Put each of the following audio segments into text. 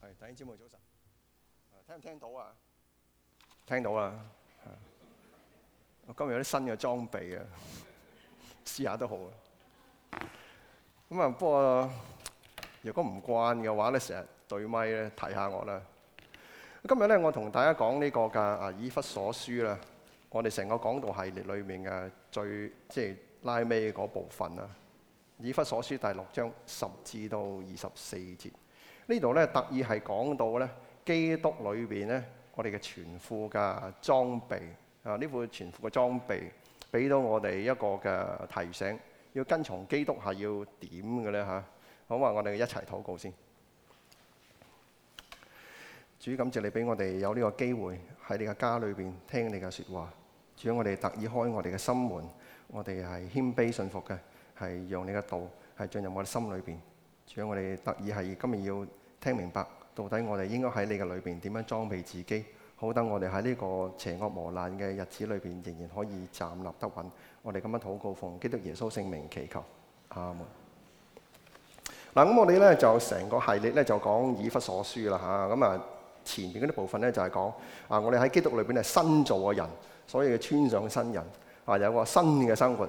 係，大家朝早早晨，聽唔聽到啊？聽到啦。我今日有啲新嘅裝備啊， 試下都好啊。咁啊，不過如果唔慣嘅話咧，成日對咪咧，提下我啦。今日咧，我同大家講呢個嘅《啊以弗所書》啦，我哋成個講道系列裏面嘅最即係拉尾嗰部分啦，《以弗所書》第六章十至到二十四節。呢度咧特意係講到咧基督裏邊咧我哋嘅全副嘅裝備啊呢副全副嘅裝備俾到我哋一個嘅提醒，要跟從基督係要點嘅咧吓。好嘛，我哋一齊禱告先。主感謝你俾我哋有呢個機會喺你嘅家裏邊聽你嘅說話。主，我哋特意開我哋嘅心門，我哋係謙卑信服嘅，係讓你嘅道係進入我哋心裏邊。主，我哋特意係今日要。聽明白，到底我哋應該喺你嘅裏邊點樣裝備自己，好等我哋喺呢個邪惡磨難嘅日子裏邊，仍然可以站立得穩。我哋咁樣禱告，奉基督耶穌聖名祈求阿那，阿門。嗱，咁我哋咧就成個系列咧就講以弗所書啦吓，咁啊前邊嗰啲部分咧就係講啊，我哋喺基督裏邊係新造嘅人，所謂嘅「穿上新人」啊，有個新嘅生活，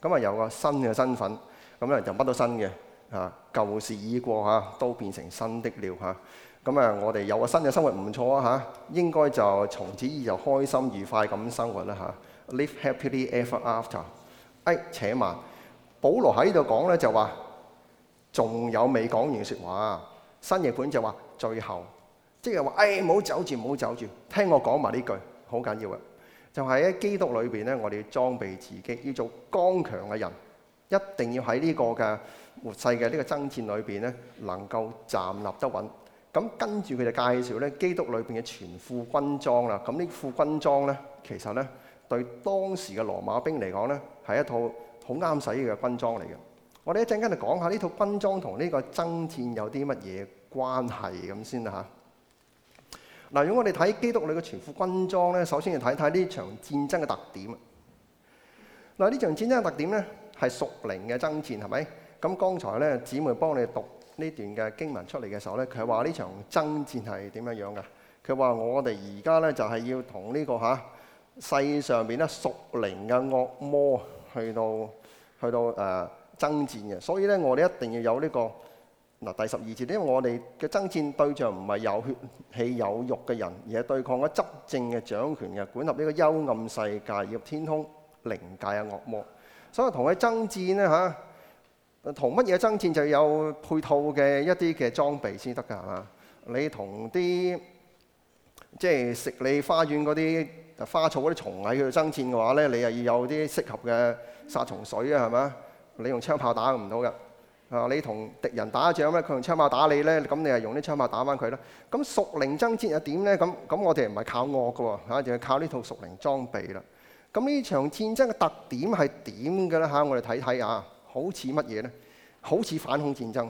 咁啊有個新嘅身份，咁咧就乜都新嘅。啊！舊事已過，嚇、啊、都變成新的了，嚇、啊、咁啊！我哋有個新嘅生活唔錯啊！嚇，應該就從此以就開心愉快咁生活啦！嚇、啊、live happily ever after。哎，且慢，保羅喺度講呢，就話仲有未講完説話，新日本就話最後即係話哎，唔好走住，唔好走住，聽我講埋呢句好緊要嘅，就係喺基督裏邊呢，我哋要裝備自己要做剛強嘅人，一定要喺呢個嘅活世嘅呢個爭戰裏邊咧，能夠站立得穩。咁跟住佢就介紹咧，基督裏邊嘅全副軍裝啦。咁呢副軍裝咧，其實咧對當時嘅羅馬兵嚟講咧，係一套好啱使嘅軍裝嚟嘅。我哋一陣間就講下呢套軍裝同呢個爭戰有啲乜嘢關係咁先啦嚇。嗱，如果我哋睇基督裏嘅全副軍裝咧，首先要睇睇呢場戰爭嘅特點。嗱，呢場戰爭嘅特點咧，係屬靈嘅爭戰，係咪？咁剛才咧，姊妹幫你讀呢段嘅經文出嚟嘅時候咧，佢話呢場爭戰係點樣樣㗎？佢話我哋而家咧就係要同呢、這個嚇、啊、世上邊咧屬靈嘅惡魔去到去到誒、呃、爭戰嘅，所以咧我哋一定要有呢、這個嗱第十二節，因為我哋嘅爭戰對象唔係有血氣有肉嘅人，而係對抗一執政嘅掌權嘅管轄呢個幽暗世界、入天空靈界嘅惡魔，所以同佢爭戰咧嚇。啊同乜嘢爭戰就有配套嘅一啲嘅裝備先得㗎，係嘛？你同啲即係食你花園嗰啲花草嗰啲蟲蟻去爭戰嘅話咧，你係要有啲適合嘅殺蟲水啊，係嘛？你用槍炮打唔到㗎。啊，你同敵人打仗咧，佢用槍炮打你咧，咁你係用啲槍炮打翻佢啦。咁屬靈爭戰又點咧？咁咁我哋唔係靠惡㗎喎，就仲係靠呢套屬靈裝備啦。咁呢場戰爭嘅特點係點嘅咧？嚇，我哋睇睇啊！好似乜嘢呢？好似反恐戰爭，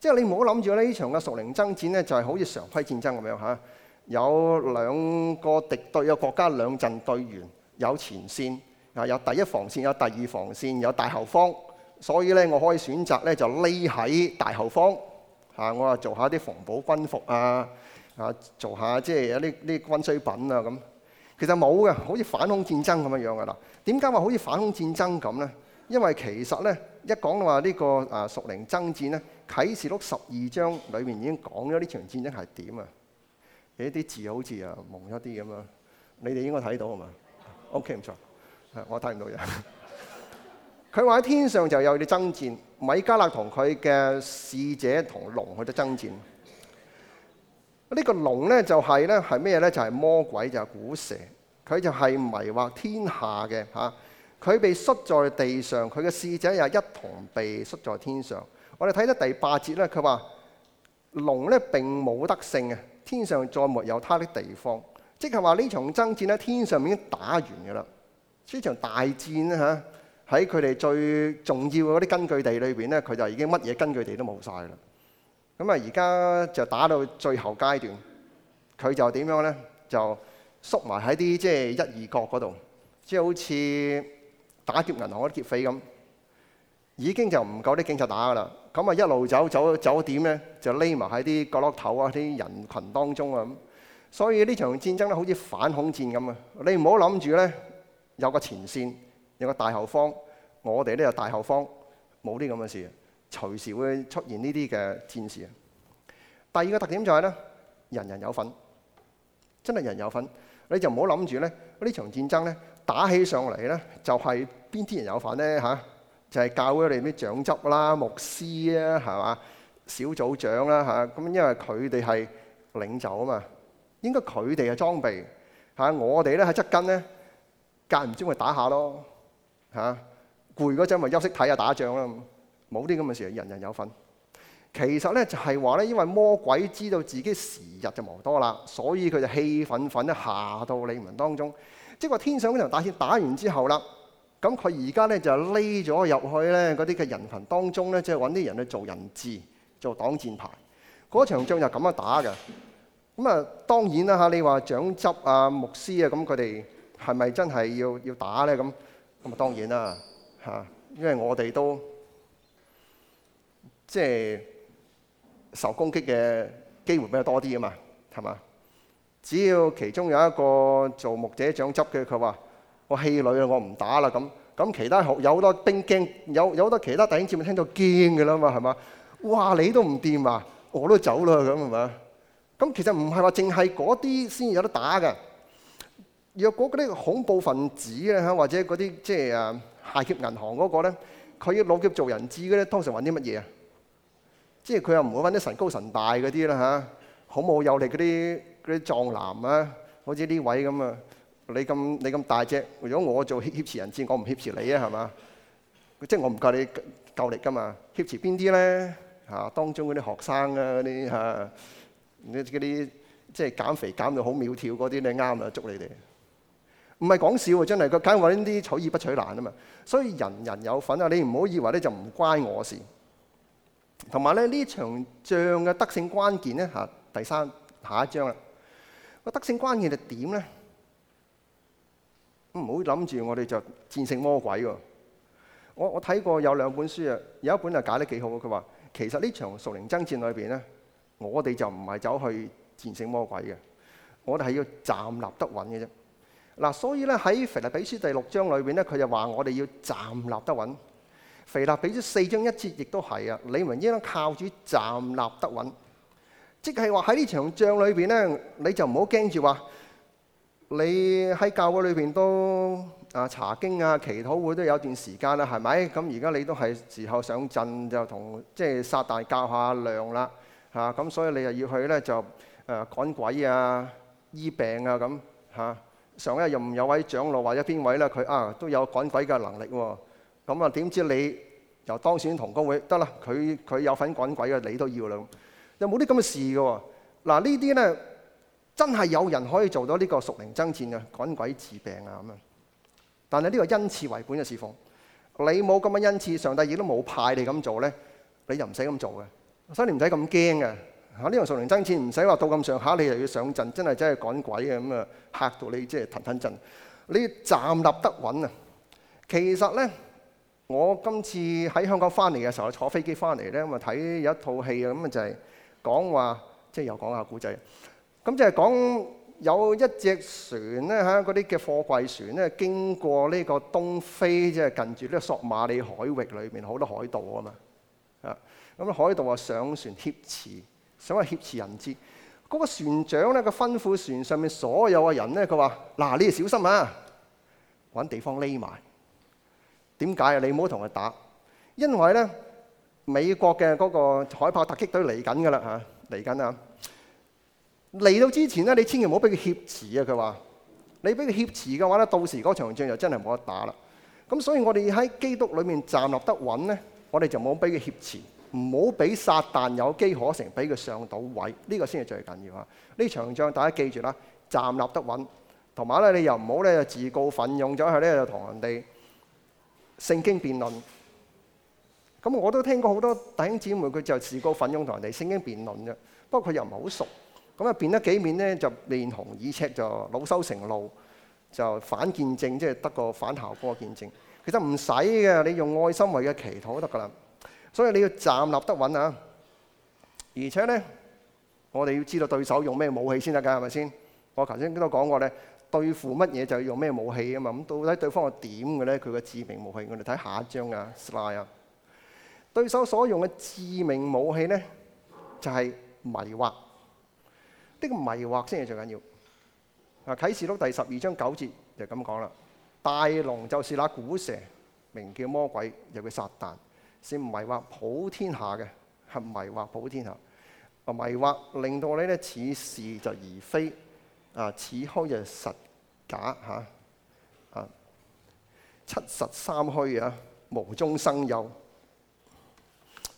即係你唔好諗住呢場嘅屬靈爭戰呢，就係好似常規戰爭咁樣嚇。有兩個敵對嘅國家兩陣對壘，有前線啊，有第一防線，有第二防線，有大後方。所以呢，我可以選擇呢，就匿喺大後方嚇。我啊做下啲防保軍服啊，啊做下即係有啲啲軍需品啊咁。其實冇嘅，好似反恐戰爭咁樣樣噶啦。點解話好似反恐戰爭咁呢？因為其實咧，一講到話呢個啊，屬靈爭戰咧，《啟示錄》十二章裏面已經講咗呢場戰爭係點啊！呢啲字好似啊，蒙咗啲咁樣，你哋應該睇到吖嘛 ？OK，唔錯，我睇唔到嘢。佢話喺天上就有啲爭戰，米迦勒同佢嘅使者同龍去咗爭戰。這個、龍呢個龍咧就係咧係咩咧？就係、是就是、魔鬼，就係、是、古蛇，佢就係迷惑天下嘅嚇。啊佢被摔在地上，佢嘅使者又一同被摔在天上。我哋睇咧第八節咧，佢話龍咧並冇得勝啊！天上再沒有他的地方，即係話呢場爭戰咧，天上已經打完噶啦。呢場大戰咧吓，喺佢哋最重要嗰啲根據地裏邊咧，佢就已經乜嘢根據地都冇晒啦。咁啊，而家就打到最後階段，佢就點樣咧？就縮埋喺啲即係一二角嗰度，即係好似～打劫銀行，啲劫匪咁，已經就唔夠啲警察打㗎啦。咁啊一路走走走點咧，就匿埋喺啲角落頭啊、啲人群當中啊咁。所以呢場戰爭咧，好似反恐戰咁啊！你唔好諗住咧有個前線，有個大後方，我哋咧就大後方，冇啲咁嘅事，隨時會出現呢啲嘅戰事。第二個特點就係咧，人人有份，真係人人有份。你就唔好諗住咧，呢場戰爭咧。打起上嚟咧，就係邊啲人有份咧就係、是、教會你咩長執啦、牧師啊、係嘛、小組長啦咁因為佢哋係領袖啊嘛，應該佢哋嘅裝備我哋咧喺側筋咧，間唔中咪打下咯嚇。攰嗰陣咪休息睇下打仗啦，冇啲咁嘅事，人人有份。其實咧就係話咧，因為魔鬼知道自己時日就無多啦，所以佢就氣憤憤咧下到你們當中。即係話天上嗰場大戰打完之後啦，咁佢而家咧就匿咗入去咧嗰啲嘅人群當中咧，即係搵啲人去做人質，做擋箭牌。嗰場仗就咁樣打嘅。咁啊，當然啦嚇，你話長執啊、牧師啊，咁佢哋係咪真係要要打咧？咁咁啊，當然啦嚇，因為我哋都即係受攻擊嘅機會比較多啲啊嘛，係嘛？只要其中有一個做牧者掌執嘅，佢話：我氣餒啊，我唔打啦咁。咁其他學有好多兵驚，有有好多其他弟兄咪聽到驚嘅啦嘛，係嘛？哇！你都唔掂啊，我都走啦咁係嘛？咁其實唔係話淨係嗰啲先有得打嘅。若果嗰啲恐怖分子咧，或者嗰啲即係誒下劫銀行嗰個咧，佢要擄劫做人質嘅咧，通常揾啲乜嘢啊？即係佢又唔會揾啲神高神大嗰啲啦嚇，好冇有力嗰啲。嗰啲壯男啊，好似呢位咁啊，你咁你咁大隻，如果我做挾持人質，我唔挾持你啊，係嘛？即係我唔夠你夠力㗎嘛？挾持邊啲咧？嚇，當中嗰啲學生啊，嗰啲嚇，嗰啲即係減肥減到好苗條嗰啲你啱啊，捉、就是、你哋、啊！唔係講笑，真係佢梗係揾啲取易不取難啊嘛。所以人人有份啊，你唔好以為咧就唔關我事。同埋咧呢場仗嘅得勝關鍵咧嚇，第三下一章啦。個得勝關鍵係點咧？唔好諗住我哋就戰勝魔鬼喎！我我睇過有兩本書啊，有一本就解得幾好。佢話其實呢場屬靈爭戰裏邊咧，我哋就唔係走去戰勝魔鬼嘅，我哋係要站立得穩嘅啫。嗱，所以咧喺腓立比書第六章裏邊咧，佢就話我哋要站立得穩。腓立比書四章一節亦都係啊，你們應當靠住站立得穩。即係話喺呢場仗裏邊呢，你就唔好驚住話你喺教會裏邊都啊查經啊、祈禱會都有一段時間啦，係咪？咁而家你都係時候上陣，就同即係撒但較下量啦，嚇、啊、咁。所以你又要去呢，就誒、啊、趕鬼啊、醫病啊咁嚇、啊。上一任有位長老或者邊位呢，佢啊都有趕鬼嘅能力喎、啊。咁啊點知你由當選同工會得啦？佢佢有份趕鬼嘅，你都要啦。又冇啲咁嘅事㗎喎、啊，嗱呢啲咧真係有人可以做到呢個屬靈爭戰嘅趕鬼治病啊咁啊！但係呢個恩賜為本嘅侍奉，你冇咁嘅恩賜，上帝亦都冇派你咁做咧，你又唔使咁做嘅，所以你唔使咁驚嘅吓。呢個屬靈爭戰唔使話到咁上下，你又要上陣，真係真係趕鬼啊咁啊，嚇到你即係騰騰震，你站立得穩啊！其實咧，我今次喺香港翻嚟嘅時候，坐飛機翻嚟咧咁啊睇有一套戲啊咁啊就係、是。講話即係又講下古仔，咁就係講有一隻船咧喺嗰啲嘅貨櫃船咧經過呢個東非，即係近住呢個索馬里海域裏面好多海盜啊嘛，啊、嗯、咁海盜話上船挾持，想話挾持人質。嗰、那個船長咧佢吩咐船上面所有嘅人咧，佢話：嗱你哋小心啊，搵地方匿埋。點解啊？你唔好同佢打，因為咧。美國嘅嗰個海豹突擊隊嚟緊噶啦嚇，嚟緊啊！嚟到之前咧，你千祈唔好俾佢挾持啊！佢話你俾佢挾持嘅話咧，到時嗰場仗就真係冇得打啦。咁所以我哋喺基督裏面站立得穩咧，我哋就冇俾佢挾持，唔好俾撒旦有機可乘，俾佢上到位，呢個先係最緊要啊！呢場仗大家記住啦，站立得穩，同埋咧你又唔好咧自告奮勇咗去咧，就同人哋聖經辯論。咁我都聽過好多弟兄姊妹，佢就自告奮勇同人哋聖經辯論嘅。不過佢又唔係好熟，咁啊辯得幾面咧，就面紅耳赤，就老羞成怒，就反見證，即係得個反效果見證。其實唔使嘅，你用愛心為嘅祈禱得噶啦。所以你要站立得穩啊！而且咧，我哋要知道對手用咩武器先得㗎，係咪先？我頭先都講過咧，對付乜嘢就要用咩武器啊嘛。咁到底對方係點嘅咧？佢嘅致命武器，我哋睇下一張啊，slide 啊。對手所用嘅致命武器咧，就係、是、迷惑。呢、這個迷惑先係最緊要。啊，啟示錄第十二章九節就咁講啦。大龍就是那古蛇，名叫魔鬼，又、就、叫、是、撒但，是迷惑普天下嘅，係迷惑普天下。啊，迷惑令到你咧似是就而非，啊似虛就實假嚇。啊，七十三虛啊，無中生有。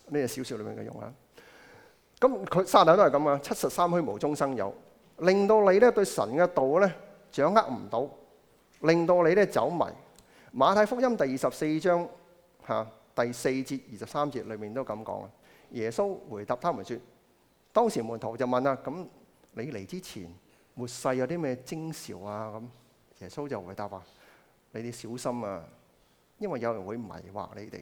呢少少裏面嘅用啦，咁佢沙土都係咁啊，七十三虛無中生有，令到你咧對神嘅道咧掌握唔到，令到你咧走迷。馬太福音第二十四章嚇第四節二十三節裏面都咁講啊，耶穌回答他們説：當時門徒就問啊，咁你嚟之前，末世有啲咩徵兆啊？咁耶穌就回答話：你哋小心啊，因為有人會迷惑你哋。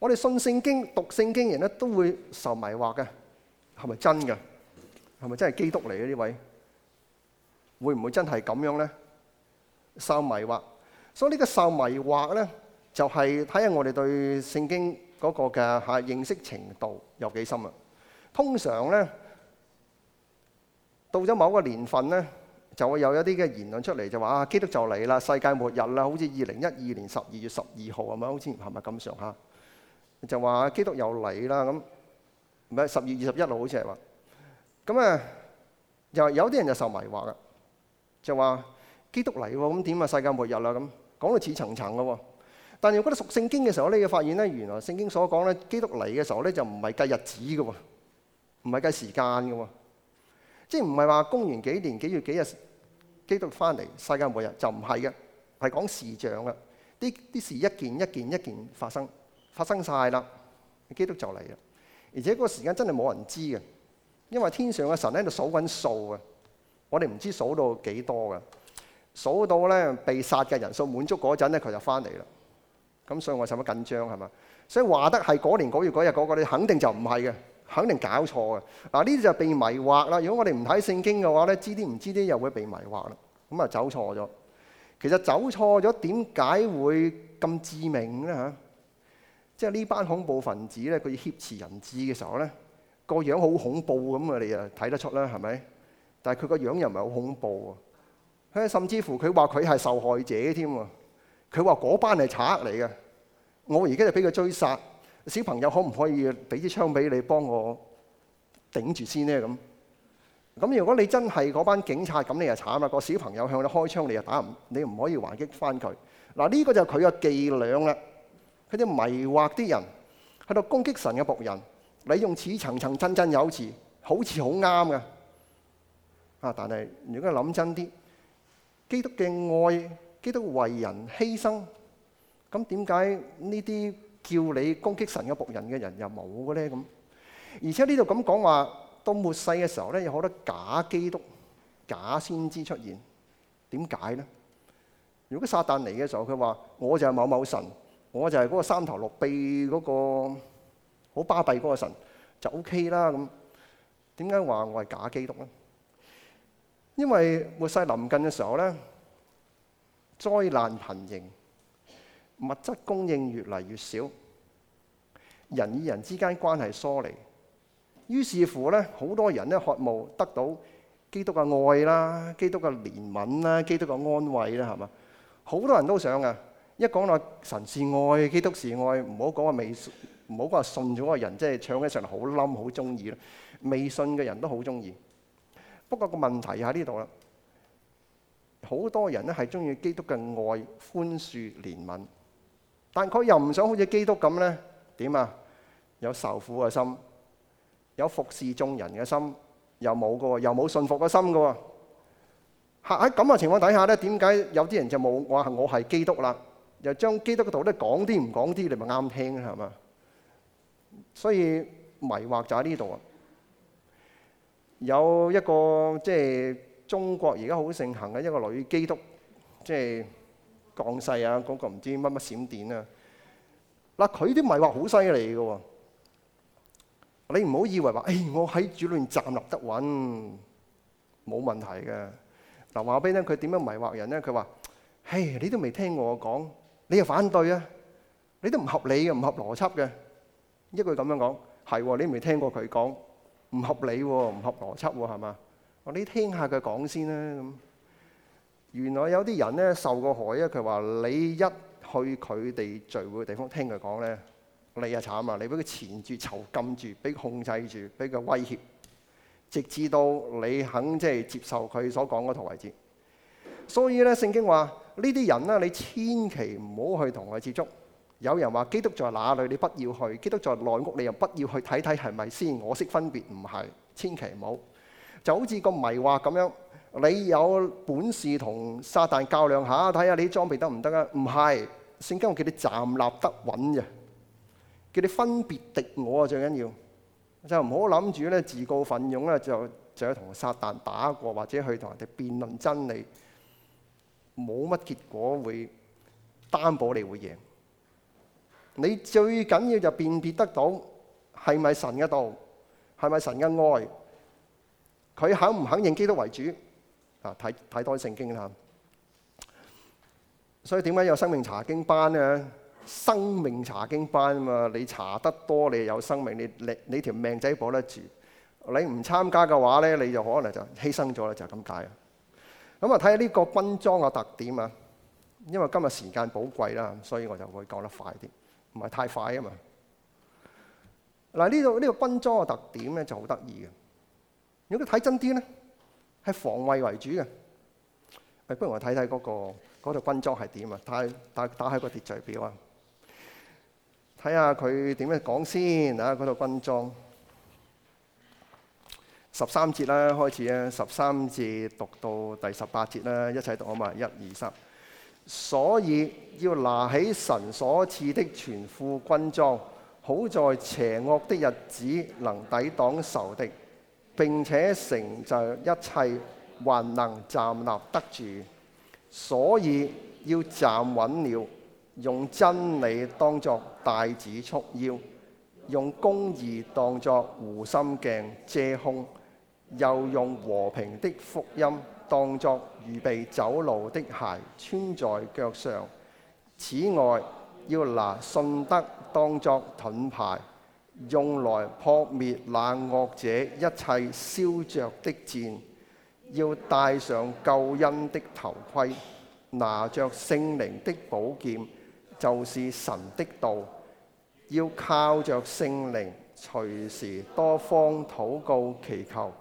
我哋信聖經、讀聖經人咧，都會受迷惑嘅，係咪真㗎？係咪真係基督嚟嘅呢位？會唔會真係咁樣咧？受迷惑，所以呢個受迷惑咧，就係睇下我哋對聖經嗰個嘅係認識程度有幾深呀。通常咧，到咗某一個年份咧，就會有一啲嘅言論出嚟，就話啊，基督就嚟啦，世界末日啦，好似二零一二年十二月十二號咁樣，好似係咪咁上下？就話基督又嚟啦咁，唔係十月二十一號好似係話咁啊。有有啲人就受迷惑啊，就話基督嚟喎，咁點啊？世界末日啦，咁講到似層層噶喎。但係我覺得讀聖經嘅時候，我咧要發現咧，原來聖經所講咧基督嚟嘅時候咧，就唔係計日子噶喎，唔係計時間噶喎，即係唔係話公元幾年幾月幾日基督翻嚟世界末日，就唔係嘅，係講時象嘅。啲啲事一件一件一件，一件發生。發生曬啦！基督就嚟啦，而且嗰個時間真係冇人知嘅，因為天上嘅神喺度數揾數啊。我哋唔知數到幾多噶，數到咧被殺嘅人數滿足嗰陣咧，佢就翻嚟啦。咁所以，我使乜緊張係嘛？所以話得係嗰年嗰月嗰日嗰個咧，你肯定就唔係嘅，肯定搞錯嘅嗱。呢啲就係被迷惑啦。如果我哋唔睇聖經嘅話咧，知啲唔知啲又會被迷惑啦。咁啊，走錯咗。其實走錯咗點解會咁致命咧？嚇！即係呢班恐怖分子咧，佢要挾持人質嘅時候咧，個樣好恐怖咁啊！你啊睇得出啦，係咪？但係佢個樣又唔係好恐怖喎。甚至乎佢話佢係受害者添喎，佢話嗰班係賊嚟嘅。我而家就俾佢追殺，小朋友可唔可以俾支槍俾你幫我頂住先咧？咁咁，如果你真係嗰班警察，咁你就慘啦。個小朋友向你開槍，你就打唔，你唔可以還擊翻佢。嗱、這、呢個就係佢嘅伎倆啦。佢哋迷惑啲人喺度攻擊神嘅僕人，你用似層層振振有詞，好似好啱嘅。啊，但係如果諗真啲，基督嘅愛，基督為人犧牲，咁點解呢啲叫你攻擊神嘅僕人嘅人又冇嘅咧？咁而且呢度咁講話到末世嘅時候咧，有好多假基督、假先知出現，點解咧？如果撒旦嚟嘅時候，佢話我就係某某神。我就係嗰個三頭六臂嗰個好巴閉嗰個神就 OK 啦。咁點解話我係假基督呢？因為末世臨近嘅時候呢，災難頻仍，物質供應越嚟越少，人與人之間關係疏離，於是乎呢，好多人呢渴望得到基督嘅愛啦、基督嘅憐憫啦、基督嘅安慰啦，係嘛？好多人都想啊。一講話神是愛，基督是愛，唔好講話未，唔好講話信咗嘅人，即係唱起上嚟好冧，好中意咯。未信嘅人都好中意。不過個問題喺呢度啦，好多人咧係中意基督嘅愛、寬恕、憐憫，但佢又唔想好似基督咁咧點啊？有受苦嘅心，有服侍眾人嘅心，又冇嘅喎，又冇信服嘅心嘅喎。喺喺咁嘅情況底下咧，點解有啲人就冇話我係基督啦？又將基督嘅道咧講啲唔講啲，你咪啱聽啦，係嘛？所以迷惑就喺呢度啊！有一個即係中國而家好盛行嘅一個女基督，即係降世啊！嗰個唔知乜乜閃電啊！嗱，佢啲迷惑好犀利嘅喎，你唔好以為話，誒我喺主裏面站立得穩，冇問題嘅。嗱話俾咧，佢點樣迷惑人咧？佢話：，誒你都未聽我講。你又反對啊？你都唔合理嘅，唔合邏輯嘅。一句咁樣講，係你未聽過佢講？唔合理喎，唔合邏輯喎，係嘛？我說你聽下佢講先啦。咁原來有啲人咧受過害啊！佢話你一去佢哋聚會嘅地方，聽佢講咧，你呀慘啊！你俾佢纏住、囚禁住、俾佢控制住、俾佢威脅，直至到你肯即係接受佢所講嗰套為止。所以咧，聖經話。呢啲人咧，你千祈唔好去同佢接觸。有人話基督在哪裏，你不要去；基督在內屋，你又不要去睇睇係咪先？我識分別，唔係，千祈唔好。就好似個迷惑咁樣，你有本事同撒旦較量下，睇下你裝備得唔得啊？唔係，聖經我叫你站立得穩嘅，叫你分別敵我啊！最緊要就唔好諗住咧自告奮勇咧，就就同撒旦打過，或者去同人哋辯論真理。冇乜結果會擔保你會贏。你最緊要就辨別得到係咪神嘅道，係咪神嘅愛，佢肯唔肯認基督為主啊？睇睇多聖經啦。所以點解有生命查經班咧？生命查經班啊嘛，你查得多，你有生命，你你你條命仔保得住。你唔參加嘅話咧，你就可能就犧牲咗啦，就咁解。咁啊，睇下呢個軍裝嘅特點啊，因為今日時間寶貴啦，所以我就會講得快啲，唔係太快啊嘛。嗱，呢度呢個軍裝嘅特點咧就好得意嘅。如果睇真啲咧，係防衞為主嘅。誒，不如我睇睇嗰個嗰套軍裝係點啊？打打打開個秩序表啊，睇下佢點樣講先啊！嗰套軍裝。十三節啦，開始啦，十三節讀到第十八節啦，一齊讀啊嘛，一、二、三。所以要拿起神所賜的全副軍裝，好在邪惡的日子能抵擋仇敵，並且成就一切，還能站立得住。所以要站穩了，用真理當作帶子束腰，用公義當作護心鏡遮胸。又用和平的福音，當作預備走路的鞋穿在腳上。此外，要拿信德當作盾牌，用來破滅那惡者一切燒着的箭。要戴上救恩的頭盔，拿着聖靈的寶劍，就是神的道。要靠著聖靈，隨時多方禱告祈求。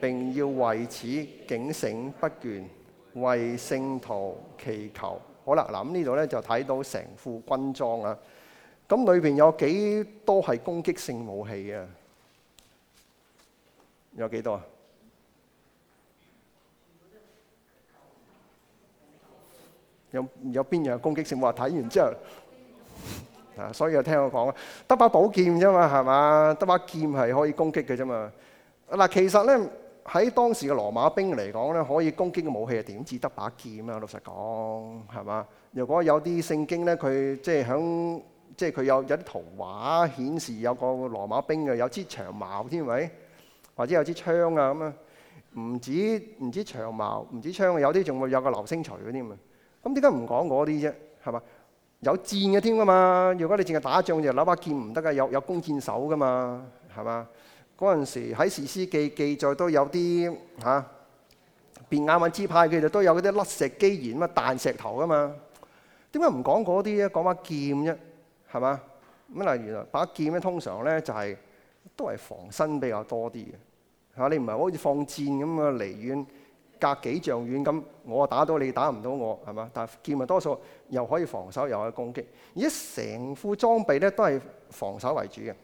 並要為此警醒不倦，為聖徒祈求。好啦，嗱咁呢度咧就睇到成副軍裝啊，咁裏邊有幾多係攻擊性武器啊？有幾多啊？有有邊樣攻擊性？話睇完之後，啊，所以又聽我講啊，得把寶劍啫嘛，係嘛？得把劍係可以攻擊嘅啫嘛。嗱，其實咧。喺當時嘅羅馬兵嚟講咧，可以攻擊嘅武器係，點至得把劍啊？老實講，係嘛？如果有啲聖經咧，佢即係響，即係佢有有啲圖畫顯示有個羅馬兵嘅，有支長矛添，係咪？或者有支槍啊咁啊？唔止唔止長矛，唔止槍，有啲仲會有個流星錘嗰啲嘛。咁點解唔講嗰啲啫？係嘛？有箭嘅添㗎嘛？如果你淨係打仗，就攞把劍唔得㗎，有有弓箭手㗎嘛？係嘛？嗰陣時喺士師記記載都有啲嚇，便、啊、雅憫支派佢哋都有啲甩石機弦，咁啊彈石頭噶嘛，點解唔講嗰啲咧？講把劍啫，係嘛？咁原來啊，把劍咧通常咧就係、是、都係防身比較多啲嘅嚇。你唔係好似放箭咁啊，離遠隔幾丈遠咁，我啊打到你，打唔到我係嘛？但係劍啊，多數又可以防守，又可以攻擊。而家成副裝備咧都係防守為主嘅，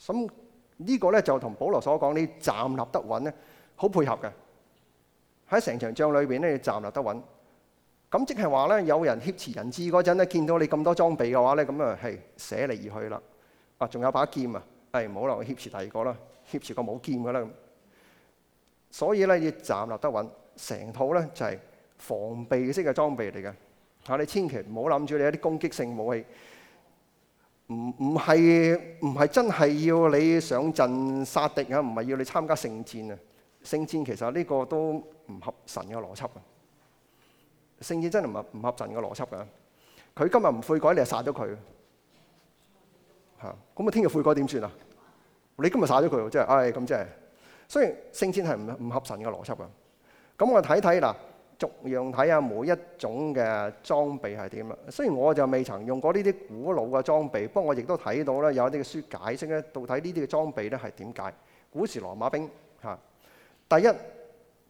咁。呢個咧就同保羅所講呢站立得穩咧，好配合嘅。喺成場仗裏邊咧，要站立得穩。咁即係話咧，有人挾持人質嗰陣咧，見到你咁多裝備嘅話咧，咁啊係捨離而去啦。啊，仲有把劍啊，係唔好留去挾持第二個啦，挾持個冇劍嘅啦。咁所以咧要站立得穩，成套咧就係防備式嘅裝備嚟嘅。嚇你千祈唔好諗住你一啲攻擊性武器。唔唔係唔係真係要你上陣殺敵啊？唔係要你參加聖戰啊？聖戰其實呢個都唔合神嘅邏輯嘅。聖戰真係唔唔合神嘅邏輯嘅。佢今日唔悔改，你就殺咗佢吓。咁啊，聽日悔改點算啊？你今日殺咗佢，即、哎、係，唉，咁即係。所以聖戰係唔唔合神嘅邏輯嘅。咁我睇睇嗱。逐樣睇下每一種嘅裝備係點啦？雖然我就未曾用過呢啲古老嘅裝備，不過我亦都睇到咧有一啲嘅書解釋咧，到底呢啲嘅裝備咧係點解？古時羅馬兵嚇，第一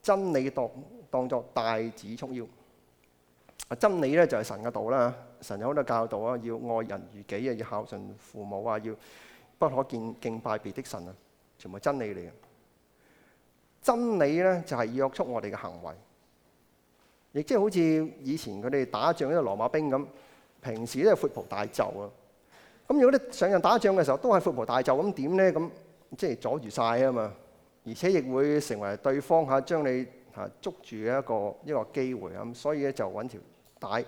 真理當當作帶子束腰啊！真理咧就係神嘅道啦，神有好多教導啊，要愛人如己啊，要孝順父母啊，要不可見敬拜別的神啊，全部真理嚟嘅。真理咧就係約束我哋嘅行為。亦即係好似以前佢哋打仗呢個羅馬兵咁，平時咧係闊袍大袖啊。咁如果你上陣打仗嘅時候都係闊袍大袖，咁點咧？咁即係阻住曬啊嘛。而且亦會成為對方嚇將你嚇捉住嘅一個一個機會咁。所以咧就揾條帶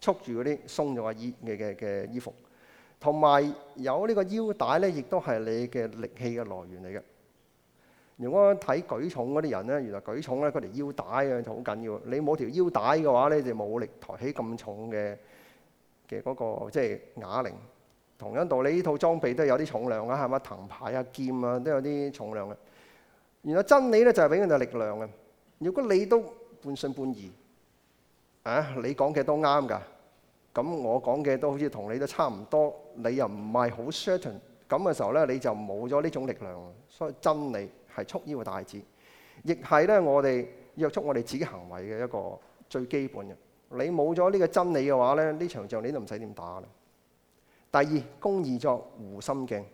束住嗰啲鬆咗嘅衣嘅嘅嘅衣服，同埋有呢個腰帶咧，亦都係你嘅力氣嘅來源嚟嘅。如果睇舉重嗰啲人咧，原來舉重咧嗰條腰帶啊就好緊要。你冇條腰帶嘅話咧，就冇力抬起咁重嘅嘅嗰個即係、就是、啞鈴。同樣道理，呢套裝備都係有啲重量啊，係咪？藤牌啊、劍啊，都有啲重量啊。原來真理咧就係俾佢哋力量啊。如果你都半信半疑啊，你講嘅都啱㗎，咁我講嘅都好似同你都差唔多，你又唔係好 certain，咁嘅時候咧，你就冇咗呢種力量。所以真理，係束腰嘅帶子，亦係咧我哋約束我哋自己行為嘅一個最基本嘅。你冇咗呢個真理嘅話咧，呢場仗你就唔使點打啦。第二，公義作護心鏡。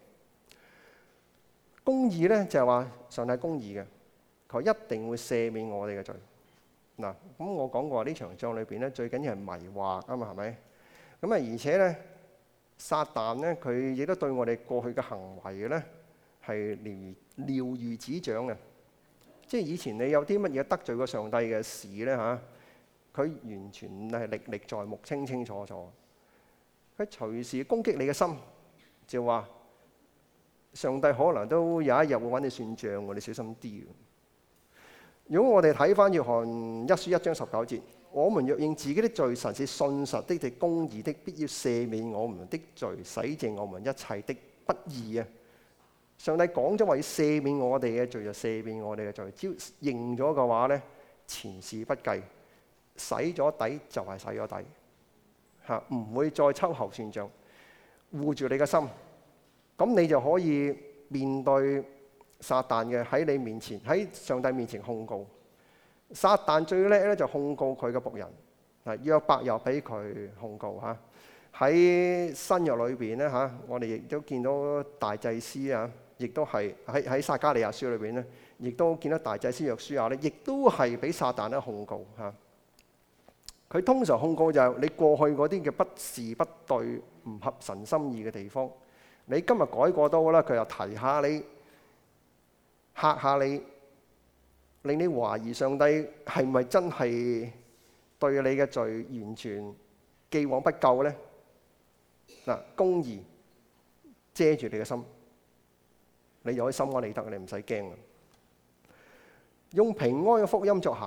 公義咧就係話上帝公義嘅，佢一定會赦免我哋嘅罪。嗱，咁我講過呢場仗裏邊咧最緊要係迷惑啊嘛，係咪？咁啊而且咧撒旦咧佢亦都對我哋過去嘅行為咧。係瞭如瞭如指掌、啊、即係以前你有啲乜嘢得罪過上帝嘅事咧嚇，佢、啊、完全係歷歷在目、清清楚楚。佢隨時攻擊你嘅心，就話上帝可能都有一日會揾你算賬、啊、你小心啲。如果我哋睇翻《約翰一書》一章十九節，我們若認自己的罪，神是信實的，的、公義的，必要赦免我們的罪，洗淨我們一切的不義啊！上帝講咗話要赦免我哋嘅罪就赦免我哋嘅罪，只要認咗嘅話咧，前事不計，洗咗底就係洗咗底，嚇唔會再秋後算帳。護住你嘅心，咁你就可以面對撒旦嘅喺你面前喺上帝面前控告。撒旦最叻咧就控告佢嘅僕人，約伯又俾佢控告，喺新約裏面咧、啊、我哋亦都見到大祭司啊。亦都係喺喺撒加利亞書裏邊咧，亦都見到大祭司約書亞咧，亦都係俾撒旦咧控告嚇。佢、啊、通常控告就係你過去嗰啲嘅不是不對，唔合神心意嘅地方，你今日改過刀啦，佢又提下你嚇下你，令你懷疑上帝係咪真係對你嘅罪完全既往不咎咧？嗱，公義遮住你嘅心。你又可以心安理得，你唔使驚。用平安嘅福音作鞋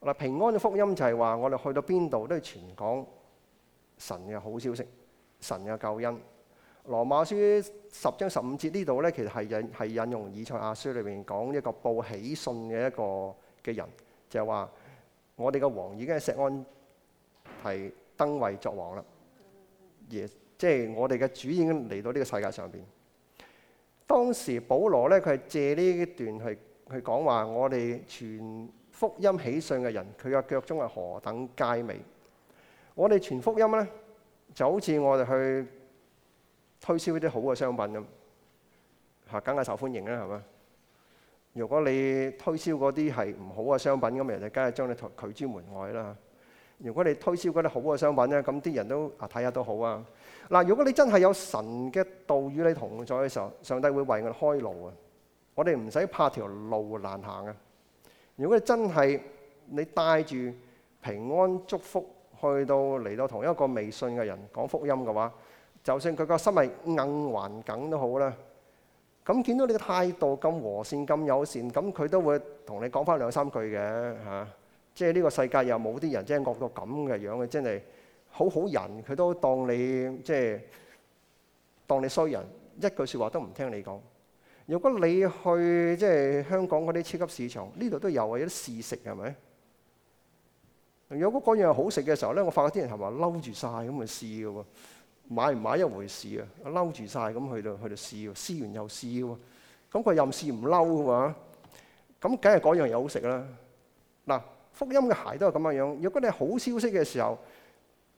嗱，平安嘅福音就係話，我哋去到邊度都係傳講神嘅好消息，神嘅救恩。羅馬書十章十五節呢度咧，其實係引係引用以賽亞書裏邊講一個報喜訊嘅一個嘅人，就係、是、話我哋嘅王已經係錫安提登位作王啦，而即係我哋嘅主已經嚟到呢個世界上邊。當時保羅咧，佢係借呢段去去講話，我哋傳福音起信嘅人，佢嘅腳蹤係何等佳美。我哋傳福音咧，就好似我哋去推銷啲好嘅商品咁，嚇梗係受歡迎啦，係咪？如果你推銷嗰啲係唔好嘅商品咁，人哋梗係將你拒拒之門外啦。如果你推銷嗰啲好嘅商品咧，咁啲人都啊睇下都好啊。嗱，如果你真係有神嘅道與你同在嘅時候，上帝會為我哋開路啊！我哋唔使怕條路難行啊！如果你真係你帶住平安祝福去到嚟到同一個未信嘅人講福音嘅話，就算佢個心係硬頑梗都好啦。咁見到你嘅態度咁和善、咁友善，咁佢都會同你講翻兩三句嘅嚇。啊。即係呢個世界又冇啲人，真係惡到咁嘅樣嘅，真係好好人佢都當你即係當你衰人，一句説話都唔聽你講。如果你去即係香港嗰啲超級市場，呢度都有啊，有啲試食係咪？如果嗰樣好食嘅時候咧，我發覺啲人係咪嬲住曬咁去試嘅喎，買唔買一回事嘅，嬲住曬咁去到去度試喎，試完又試喎，咁佢任試唔嬲嘅話，咁梗係嗰樣嘢好食啦嗱。福音嘅鞋都係咁嘅樣。如果你係好消息嘅時候，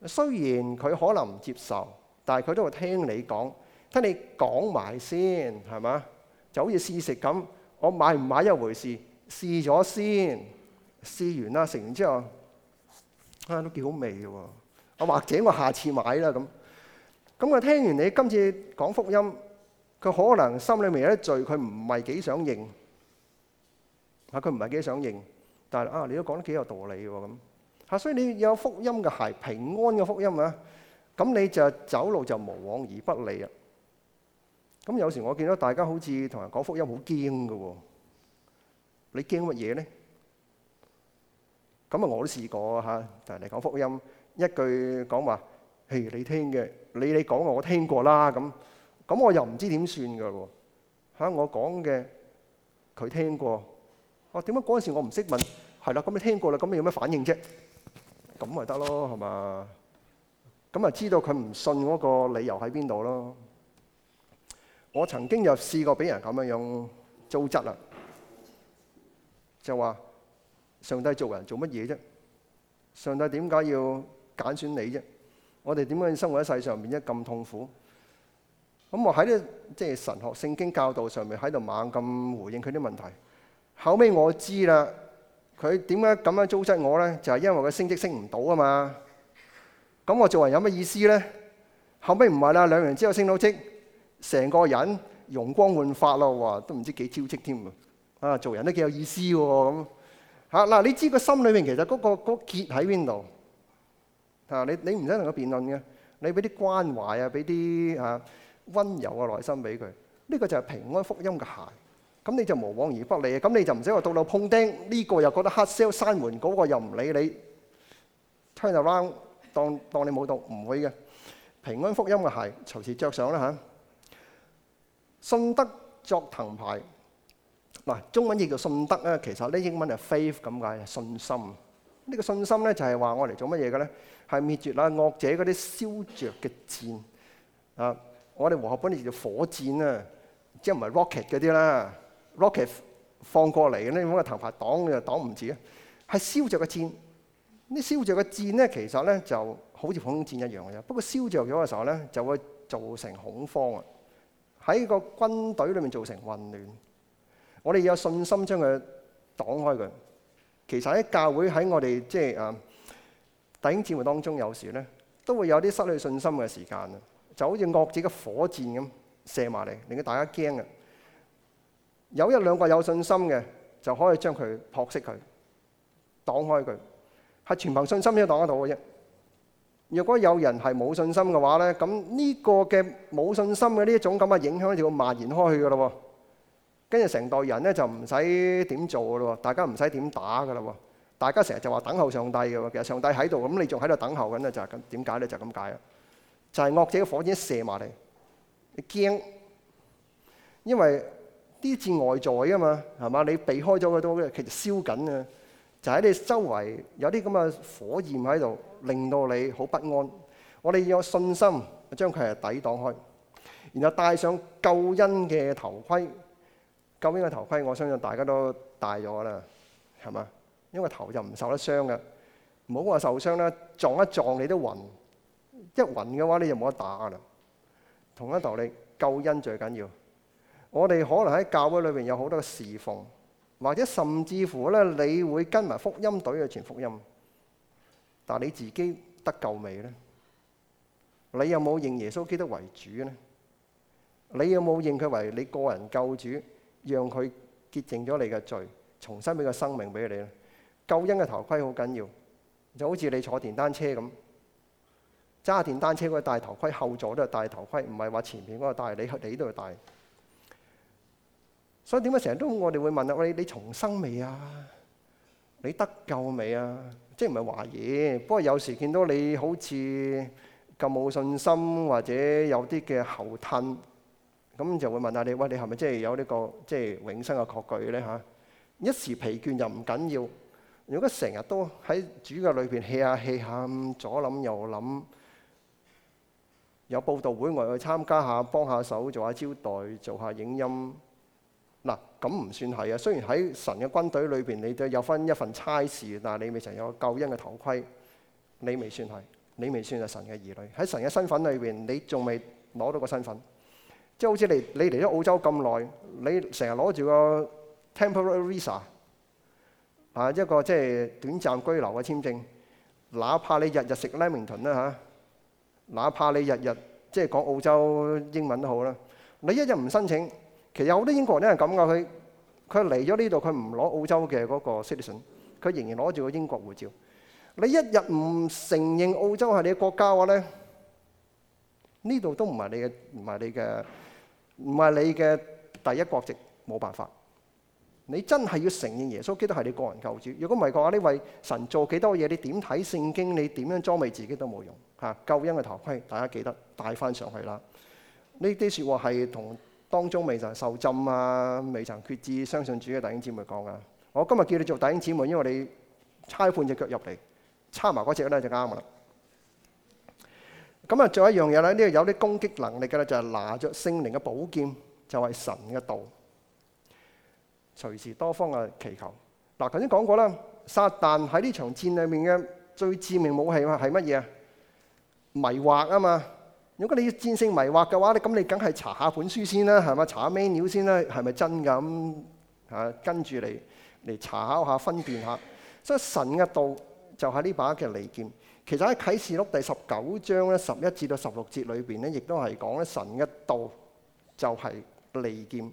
雖然佢可能唔接受，但係佢都會聽你講，聽你講埋先，係嘛？就好似試食咁，我買唔買一回事，試咗先，試完啦，食完之後啊，都幾好味嘅喎。啊，或者我下次買啦咁。咁佢聽完你今次講福音，佢可能心裡面有啲罪，佢唔係幾想認，啊，佢唔係幾想認。但係啊，你都講得幾有道理喎咁嚇，所以你有福音嘅鞋，平安嘅福音啊，咁你就走路就無往而不利啊。咁有時我見到大家好似同人講福音好驚㗎喎，你驚乜嘢咧？咁啊，我都試過嚇，同人講福音一句講話，譬如，你聽嘅，你你講我聽過啦，咁咁我又唔知點算㗎喎，嚇我講嘅佢聽過，我點解嗰陣時我唔識問？係啦，咁你聽過啦，咁你有咩反應啫？咁咪得咯，係嘛？咁啊，知道佢唔信嗰個理由喺邊度咯？我曾經又試過俾人咁樣樣糟質啦，就話上帝做人做乜嘢啫？上帝點解要揀選你啫？我哋點解要生活喺世上邊啫？咁痛苦咁，我喺呢即係神學聖經教導上面喺度猛咁回應佢啲問題。後尾我知啦。佢點解咁樣糟質我咧？就係因為佢升職升唔到啊嘛。咁我做人有乜意思咧？後尾唔係啦，兩年之後升到職，成個人容光煥發咯，哇！都唔知幾招積添啊！做人都幾有意思喎咁嚇嗱。你知個心裏面其實嗰個嗰結喺邊度嚇？你你唔使同佢辯論嘅，你俾啲關懷啊，俾啲嚇温柔嘅內心俾佢。呢個就係平安福音嘅鞋。咁你就無往而不利啊！咁你就唔使話到到碰釘，呢個又覺得黑 sell 閂門，嗰個又唔理你 turn around，當當你冇到唔會嘅。平安福音嘅鞋隨時著上啦嚇。信德作藤牌嗱，中文亦叫信德啊，其實呢英文係 faith 咁解，信心。呢個信心咧就係話我嚟做乜嘢嘅咧？係滅絕啦惡者嗰啲燒著嘅箭啊！我哋和合本呢叫火箭啊，即係唔係 rocket 嗰啲啦？rocket 放過嚟咧，用個頭髮擋你就擋唔住咧。係燒着個箭，呢燒着個箭咧，其實咧就好似普通箭一樣嘅啫。不過燒着咗嘅時候咧，就會造成恐慌啊，喺個軍隊裏面造成混亂。我哋有信心將佢擋開佢。其實喺教會喺我哋即係啊弟兄姊妹當中，有時咧都會有啲失去信心嘅時間啊，就好似惡者嘅火箭咁射埋嚟，令到大家驚嘅。有一兩個有信心嘅，就可以將佢撲熄佢，擋開佢，係全憑信心先擋得到嘅啫。若果有人係冇信心嘅話咧，咁呢個嘅冇信心嘅呢一種咁嘅影響咧，就會蔓延開去嘅咯。跟住成代人咧就唔使點做嘅咯，大家唔使點打嘅啦，大家成日就話等候上帝嘅，其實上帝喺度，咁你仲喺度等候緊啊？就係咁點解咧？就係咁解啊！就係惡者嘅火箭射埋嚟，你驚，因為。啲字外在啊嘛，係嘛？你避開咗佢都，其實燒緊啊！就喺你周圍有啲咁嘅火焰喺度，令到你好不安。我哋要有信心，將佢係抵擋開，然後戴上救恩嘅頭盔。救恩嘅頭盔，我相信大家都戴咗啦，係嘛？因為頭就唔受得傷㗎。唔好話受傷啦，撞一撞你都暈，一暈嘅話你就冇得打啦。同一道理，救恩最緊要。我哋可能喺教會裏面有好多侍奉，或者甚至乎咧，你會跟埋福音隊去傳福音，但係你自己得救未咧？你有冇認耶穌基督為主咧？你有冇認佢為你個人救主，讓佢潔淨咗你嘅罪，重新俾個生命俾你咧？救恩嘅頭盔好緊要，就好似你坐電單車咁，揸電單車嗰個戴頭盔，後座都係戴頭盔，唔係話前面嗰個戴，你你都係戴。所以點解成日都我哋會問啊？喂，你重生未啊？你得救未啊？即係唔係話嘢懷疑？不過有時見到你好似咁冇信心，或者有啲嘅後褪，咁就會問下你：喂，你係咪即係有呢個即係永生嘅確據咧？嚇！一時疲倦又唔緊要。如果成日都喺主教裏邊 hea 下 hea 下咁，左諗右諗，有佈道會我哋去參加下，幫下手做下招待，做下影音。咁唔算係啊！雖然喺神嘅軍隊裏邊，你都有翻一份差事，但係你未曾有救恩嘅頭盔，你未算係，你未算係神嘅兒女。喺神嘅身份裏邊，你仲未攞到個身份。即係好似你你嚟咗澳洲咁耐，你成日攞住個 temporary visa 啊，一個即係短暫居留嘅簽證。哪怕你日日食 Lamington 啦嚇，哪怕你日日即係講澳洲英文都好啦，你一日唔申請。其實有好多英國人都係咁噶，佢佢嚟咗呢度，佢唔攞澳洲嘅嗰個 citizen，佢仍然攞住個英國護照。你一日唔承認澳洲係你國家嘅話咧，呢度都唔係你嘅，唔係你嘅，唔係你嘅第一國籍，冇辦法。你真係要承認耶穌基督係你個人救主，如果唔係嘅話，你為神做幾多嘢，你點睇聖經，你點樣裝備自己都冇用嚇。救恩嘅頭盔，大家記得帶翻上去啦。呢啲説話係同當中未曾受浸啊，未曾決志相信主嘅弟兄姊妹講啊，我今日叫你做弟兄姊妹，因為你插半隻腳入嚟，插埋嗰隻咧就啱啦。咁啊，仲有一樣嘢咧，呢度有啲攻擊能力嘅咧，就係拿著聖靈嘅寶劍，就係神嘅道，隨時多方嘅祈求。嗱，頭先講過啦，撒但喺呢場戰裏面嘅最致命武器啊，係乜嘢啊？迷惑啊嘛。如果你要戰勝迷惑嘅話，你咁，你梗係查一下本書先啦、啊，係咪查下咩料先啦、啊，係咪真㗎？咁、啊、嚇跟住嚟嚟查考一下、下分辨一下。所以神嘅道就喺呢把嘅利劍。其實喺啟示錄第十九章咧十一至到十六節裏邊咧，亦都係講咧神嘅道就係利劍。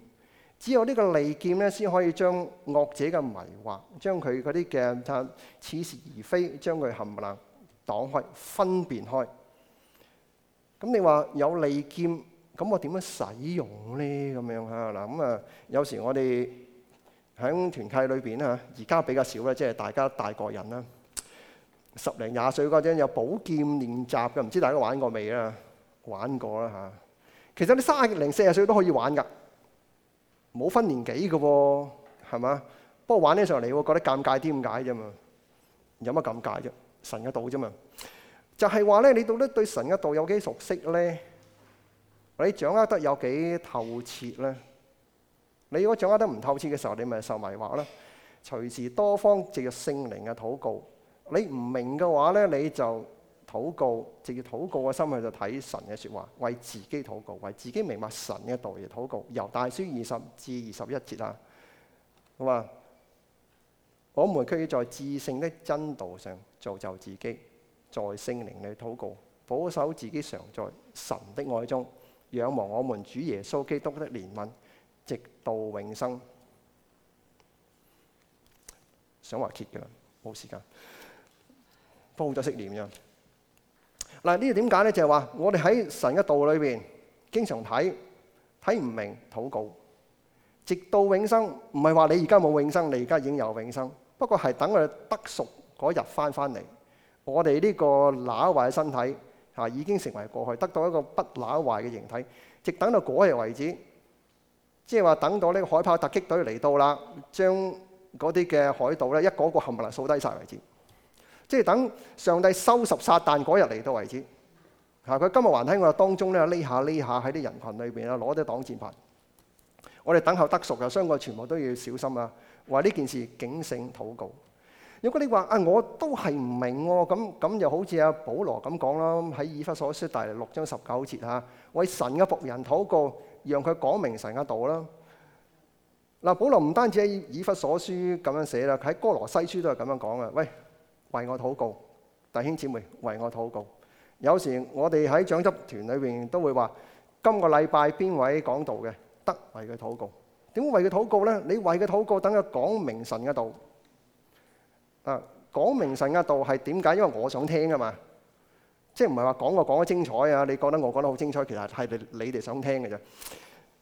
只有呢個利劍咧，先可以將惡者嘅迷惑、將佢嗰啲嘅似是而非，將佢冚唪唥擋開、分辨開。咁你話有利劍，咁我點樣使用咧？咁樣嚇嗱，咁啊有時我哋喺團契裏邊啊，而家比較少咧，即係大家大個人啦，十零廿歲嗰陣有寶劍練習嘅，唔知大家玩過未啊？玩過啦嚇，其實你三十零四十歲都可以玩噶，冇分年紀嘅喎，係嘛？不過玩起上嚟會覺得尷尬啲，咁解啫嘛？有乜尷尬啫？神嘅道啫嘛。就係話咧，你到底對神嘅道有幾熟悉咧？你掌握得有幾透徹咧？你如果掌握得唔透徹嘅時候，你咪受迷惑啦。隨時多方藉着聖靈嘅禱告，你唔明嘅話咧，你就禱告，藉着禱告嘅心去就睇神嘅說話，為自己禱告，為自己明白神嘅道而禱告。猶大書二十至二十一節啊，好嘛？我們卻要在至聖的真道上造就自己。在聖靈裏禱告，保守自己常在神的愛中，仰望我們主耶穌基督的憐憫，直到永生。想話揭噶啦，冇時間。幫助熄念啫。嗱，呢度點解咧？就係話我哋喺神嘅道裏邊，經常睇睇唔明禱告，直到永生。唔係話你而家冇永生，你而家已經有永生。不過係等佢得熟嗰日翻返嚟。我哋呢個攋壞身體，嚇已經成為過去，得到一個不攋壞嘅形體，直等到嗰日為止，即係話等到呢個海豹突擊隊嚟到啦，將嗰啲嘅海盜咧一個個冚唪唥掃低晒為止，即係等上帝收拾撒旦嗰日嚟到為止，嚇佢今日還喺我哋當中咧，匿下匿下喺啲人群裏邊啊攞啲擋箭牌，我哋等候得熟嘅，三個全部都要小心啊！話呢件事警醒禱告。如果你話啊，我都係唔明喎，咁咁就好似阿保羅咁講啦，喺以弗所書第六章十九節嚇，為神嘅僕人禱告，讓佢講明神嘅道啦。嗱，保羅唔單止喺以弗所書咁樣寫啦，佢喺哥羅西書都係咁樣講啊。喂，為我禱告，弟兄姊妹，為我禱告。有時我哋喺長執團裏邊都會話，今個禮拜邊位講道嘅？得為佢禱告。點為佢禱告咧？你為佢禱告，等佢講明神嘅道。啊，講明神嘅道係點解？因為我想聽啊嘛，即係唔係話講我講得精彩啊？你覺得我講得好精彩，其實係你你哋想聽嘅啫。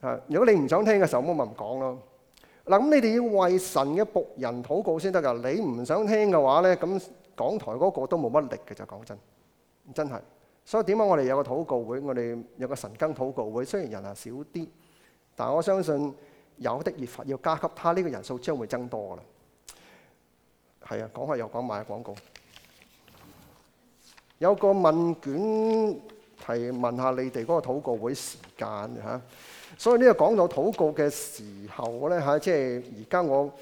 啊，如果你唔想聽嘅時候，咁我唔講咯。嗱，咁你哋要為神嘅僕人禱告先得噶。你唔想聽嘅話咧，咁講台嗰個都冇乜力嘅，就講真，真係。所以點解我哋有個禱告會？我哋有個晨更禱告會。雖然人啊少啲，但我相信有的越發要加給他呢個人數將會增多啦。係啊，講下又講埋廣告。有個問卷，提問下你哋嗰個禱告會時間嚇。所以呢個講到禱告嘅時候咧嚇，即係而家我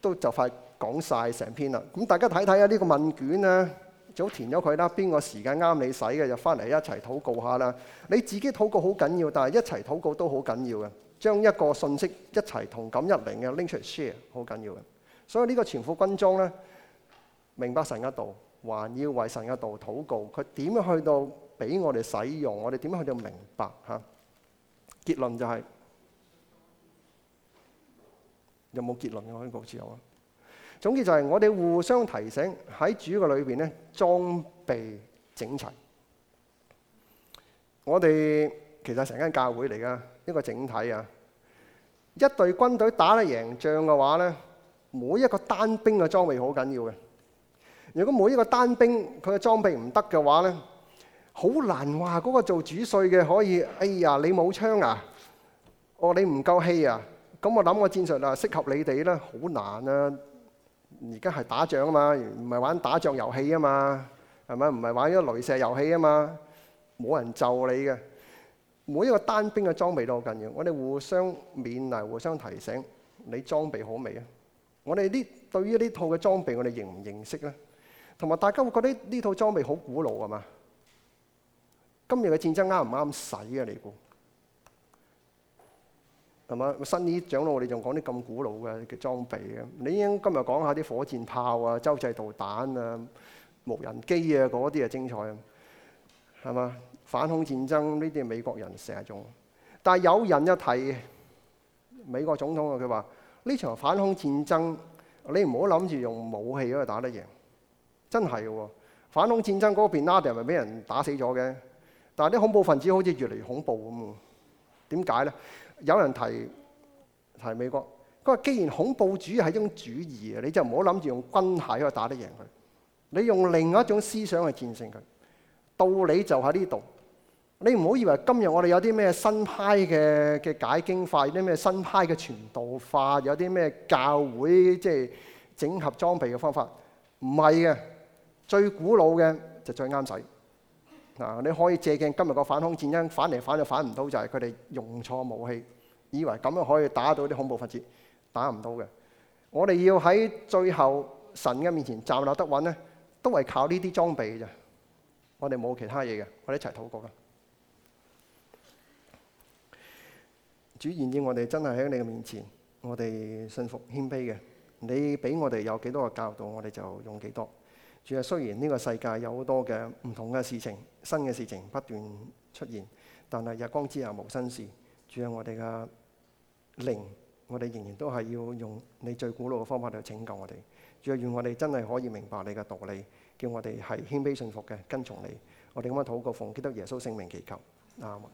都就快講曬成篇啦。咁大家睇睇啊，呢個問卷咧，早填咗佢啦。邊個時間啱你使嘅，就翻嚟一齊禱告下啦。你自己禱告好緊要，但係一齊禱告都好緊要嘅。將一個信息一齊同感一零嘅拎出嚟 share，好緊要嘅。所以呢個全副軍裝咧，明白神嘅道，還要為神嘅道禱告。佢點樣去到俾我哋使用？我哋點樣去到明白？嚇，結論就係有冇結論嘅可以告知我啊。總結就係我哋互相提醒喺主個裏邊咧，裝備整齊。我哋其實成間教會嚟噶，一個整體啊。一隊軍隊打得贏仗嘅話咧。每一個單兵嘅裝備好緊要嘅。如果每一個單兵佢嘅裝備唔得嘅話咧，好難話嗰個做主帥嘅可以。哎呀，你冇槍啊？哦，你唔夠氣啊？咁我諗個戰術啊，適合你哋啦，好難啊！而家係打仗啊嘛，唔係玩打仗遊戲啊嘛，係咪？唔係玩一個雷射遊戲啊嘛？冇人就你嘅每一個單兵嘅裝備都好緊要。我哋互相勉勵，互相提醒，你裝備好未啊？我哋呢對於呢套嘅裝備，我哋認唔認識咧？同埋大家會覺得呢套裝備好古老啊嘛！今日嘅戰爭啱唔啱使啊？你估，係嘛？新年長老，我哋仲講啲咁古老嘅裝備啊！你應該今日講下啲火箭炮啊、洲際導彈啊、無人機啊嗰啲啊，那些精彩啊！係嘛？反恐戰爭呢啲係美國人成日做，但係有人一提美國總統啊，佢話。呢場反恐戰爭，你唔好諗住用武器喺度打得贏，真係喎。反恐戰爭嗰邊，拉登咪俾人打死咗嘅。但係啲恐怖分子好似越嚟越恐怖咁，點解咧？有人提提美國，佢話：既然恐怖主義係一種主義，你就唔好諗住用軍械喺度打得贏佢。你用另一種思想去戰勝佢，道理就喺呢度。你唔好以為今日我哋有啲咩新派嘅嘅解經法，有啲咩新派嘅傳道法，有啲咩教會即係整合裝備嘅方法，唔係嘅，最古老嘅就最啱使嗱。你可以借鏡今日個反恐戰爭反嚟反去，反唔到，就係佢哋用錯武器，以為咁樣可以打到啲恐怖分子，打唔到嘅。我哋要喺最後神嘅面前站立得穩咧，都係靠呢啲裝備嘅啫。我哋冇其他嘢嘅，我哋一齊禱告啦。主願意我哋真係喺你嘅面前，我哋信服謙卑嘅。你俾我哋有幾多個教導，我哋就用幾多。主啊，雖然呢個世界有好多嘅唔同嘅事情、新嘅事情不斷出現，但係日光之下無新事。主啊，我哋嘅靈，我哋仍然都係要用你最古老嘅方法嚟拯救我哋。主啊，願我哋真係可以明白你嘅道理，叫我哋係謙卑信服嘅，跟從你。我哋咁樣禱告，奉基督耶穌聖名祈求，阿門。